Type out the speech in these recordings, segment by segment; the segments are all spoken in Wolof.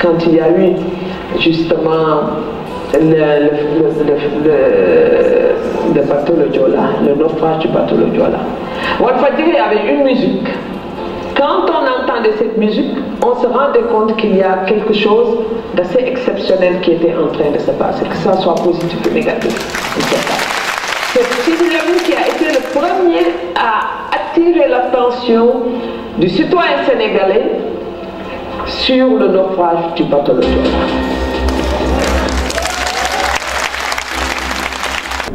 quand il y a eu justement le, bateau le le naufrage du bateau le Diola. Walfadiri avait une musique. Quand on entendait cette musique, on se rendait compte qu'il y a quelque chose d'assez exceptionnel qui était en train de se passer, que ça soit positif ou négatif. C'est Sidilou qui a été le premier à attirer l'attention du citoyen sénégalais sur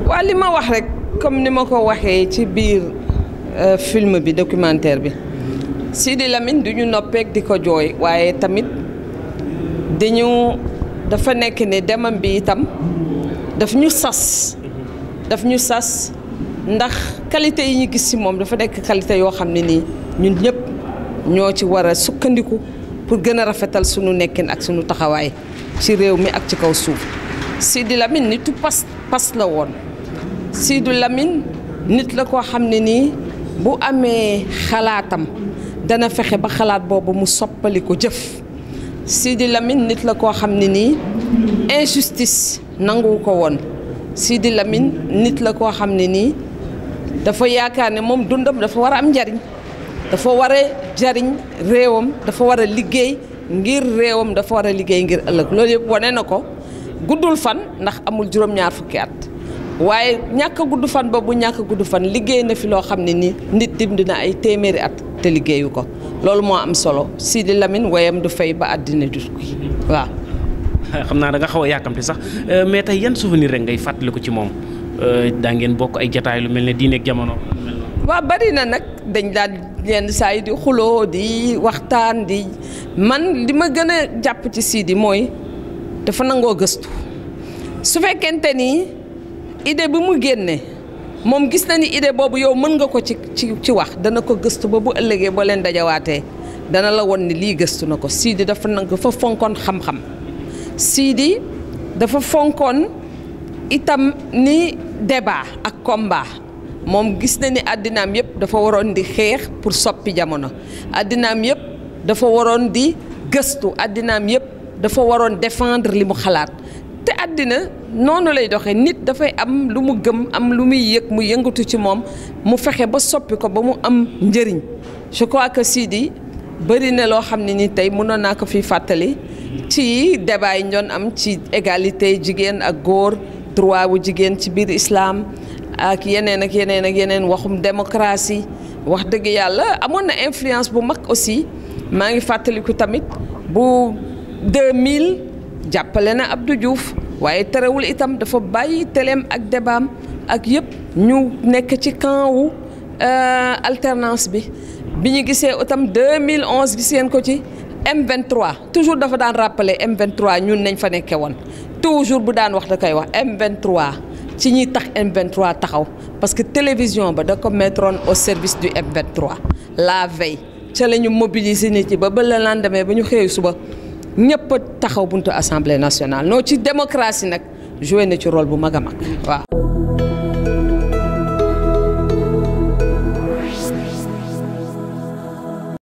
waa li ma wax rek comme ni ma ko waxee ci biir euh, film bi documentaire bi Sidi Lamine du ñu noppeek di ko jooy waaye tamit dañu dafa nekk ne demam bi itam daf ñu sas daf ñu sas ndax qualité yi ñu gis ci moom dafa nekk qualité yoo xam ne nii ñun ñëpp ñoo ci war a sukkandiku pour gën a rafetal suñu nekkin ak suñu taxawaay ci réew mi ak ci kaw suuf Sidi Lamine nitu pas pas la woon Sidi Lamine nit la koo xam ne nii bu amee xalaatam dana fexe ba xalaat boobu mu soppali ko jëf Sidi lamin nit la koo xam ne nii injustice nanguwu ko woon Sidi Lamine nit la koo xam ne nii dafa yaakaar ne moom dundam dafa war a am njariñ dafa war a jariñ réewam dafa war a liggéey ngir réewam dafa war a liggéey ngir ëllëg loolu yëpp wane na ko guddul fan ndax amul juróom-ñaar fukki at waaye ñàkk gudd fan ba bu ñàkk a gudd fan liggéey na fi loo xam ne ni nit dim dina ay téeméeri at te liggéeyu ko loolu moo am solo Sidi lamin woyam du fay ba àddina du tukki waaw. xam naa danga nga xaw a yàkkamti sax euh, mais tey yan souvenir rek ngay ko ci moom euh, daa ngeen bokk ay jataay lu mel ne diine ak jamono. waaw bari na nag dañ daal yenn saa yi di xuloo di waxtaan di man li ma gën a jàpp ci Sidi mooy dafa nangoo gëstu su fekkente ni idée bi mu génne moom gis na ni idée boobu yow mën nga ko ci ci ci wax dana ko gëstu ba bu ëllëgee boo leen dajawaatee dana la won ni lii gëstu na ko Sidi dafa nang fa fonkoon xam-xam Sidi dafa fonkoon itam ni debaa ak combat moom gis na ni àddinaam yëpp dafa waroon di xeex pour soppi jamono àddinaam yëpp dafa waroon di gëstu àddinaam yëpp dafa waroon defendre li mu xalaat te àddina noonu lay doxee nit dafay am lu mu gëm am lu muy yëg mu yëngatu ci moom mu fexe ba soppi ko ba mu am njëriñ je crois que Sidi bëri na loo xam ne ni tey mënoon naa ko fi fàttali ci débat yi ñu am ci égalité jigéen ak góor droit jigéen ci biir islaam ak yeneen ak yeneen ak yeneen waxum démocratie wax dëgg yàlla amoon na influence bu mag aussi maa ngi fàttaliku tamit bu 2000 jàppale Abdou Diouf waaye terewul itam dafa bàyyi teleem ak débaam ak yëpp ñu nekk ci camp wu alternance bi bi ñu gisee 2011 giseen ko ci M23 toujours dafa daan rappeler M23 ñun nañ fa nekke woon toujours bu daan wax da koy wax M23 ci ñuy tax M23 taxaw parce que télévision ba da ko mettroon au service du M23 la veille ci lañu mobiliser nit ñi ba ba le lendemain ba ñu suba ñepp taxaw buntu assemblée nationale no ci démocratie nak joué na ci rôle bu magamak. waaw.